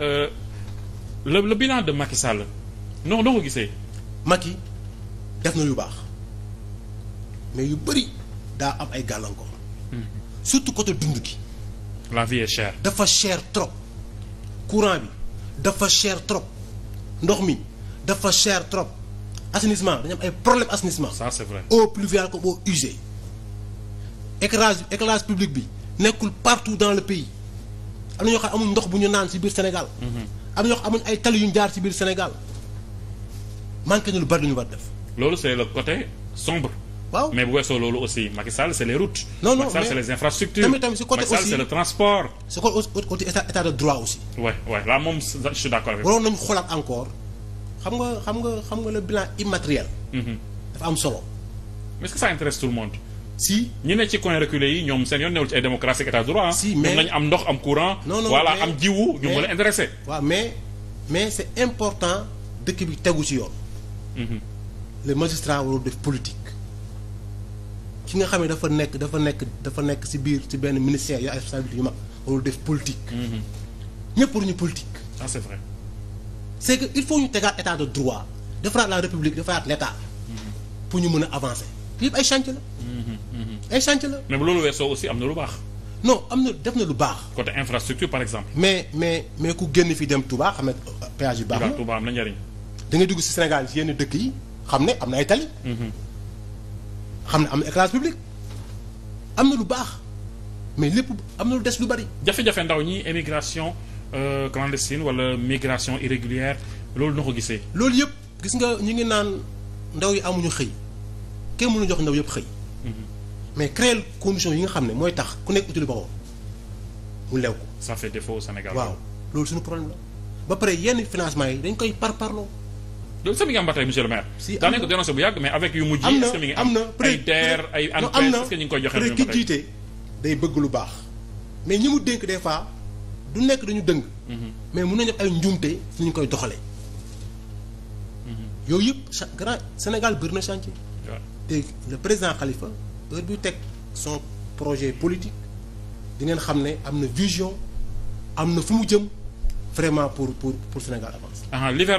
Euh, le le bilan de Macky Sall non noo ko gisee. Macky def na yu baax mais yu bëri daa am ay gàllankoor. Mhm. surtout côté dund gi. la vie est chère. dafa cher trop courant bi dafa cher trop ndox mi dafa chair trop assainissement dañu am ay problème assainissement. ça c'est vrai eau pluviale comme eau usée éclairage public bi nekkul partout dans le pays. am na ñoo xam ne amuñ ndox bu ñu naan si biir Sénégal. Mm-hmm. am na ñoo xam amuñ ay tali yu jaar si biir Sénégal manqué na lu bari lu ñu war def. loolu c'est le côté sombre. waaw mais bu weesoo loolu aussi Macky Sall c'est les routes. non non Macky Sall c'est les infrastructures. tamit tamit si côté aussi Macky Sall c'est le transport. si de droit aussi. waaw waaw là moom je suis d'accord nga xam nga xam nga le bilan immatériel. Mm-hmm. dafa am solo. mais est-ce intéresse tout le monde. si ñu ne ci coin reculé yi ñoom seen yoon newul ci ay démocratie état de droit ah. si mais am ndox am courant am jiwu ñu mën a intéressé mais mais c'est important dëkk bi tegu ci yoon mhm. le magistrat warul def politique ki nga xam ne dafa nekk dafa nekk dafa nekk ci biir ci benn ministère yaa responsabilité yu mag warul def politique mhm. ñëpp waruñu politique ah c'est vrai c'est que il faut ñu tegaat état de droit defaraat la république defaraat l'état mhm. pour ñu mën a avancer yëpp ay chantier la. Mm-hmm. ay chantier la. Mm-hmm. mais bu loolu weesoo aussi am na lu baax. non am na def na lu baax. côté infrastructure par exemple. mais mais mais ku génn fii dem Touba xam ne euh, péage yu baax na Touba am na njëriñ. da ngay dugg si Sénégal yenn dëkk yi xam ne am na ay tali. Mm-hmm. xam ne am na éclairage public am na lu baax mais lépp am na lu des lu bari. jafe-jafe ndaw ñi émigration euh, clandestine wala migration irrégulière loolu na ko gisee. loolu yëpp gis nga ñu ngi naan ndaw yi amuñu xëy. kenn mënu jox ndaw yëpp xëy. mais créer condition yi nga xam ne mooy tax ku nekk utile boppam mu lew ko. ça fait défaut waaw loolu suñu problème la ba pare yenn financement yi dañ koy par parloo. loolu sami ngi am ba si am na daanaka dénoncé mais avec yu mujj. am na am na peut être ay DER ay. ANPEJ est ce que koy joxe ñoom jiite day bëgg lu baax. mais ñi mu dénk des fois du nekk dañu dëng. Mhm. mais mun nañu ay njuumte suñu koy doxalee. Mhm. yooyu yëpp grand Sénégal bëri na chantier te le président Khalifa heure bu teg son projet politique di ngeen xam ne am na vision am na fu mu jëm vraiment pour pour pour Sénégal avance. Ah,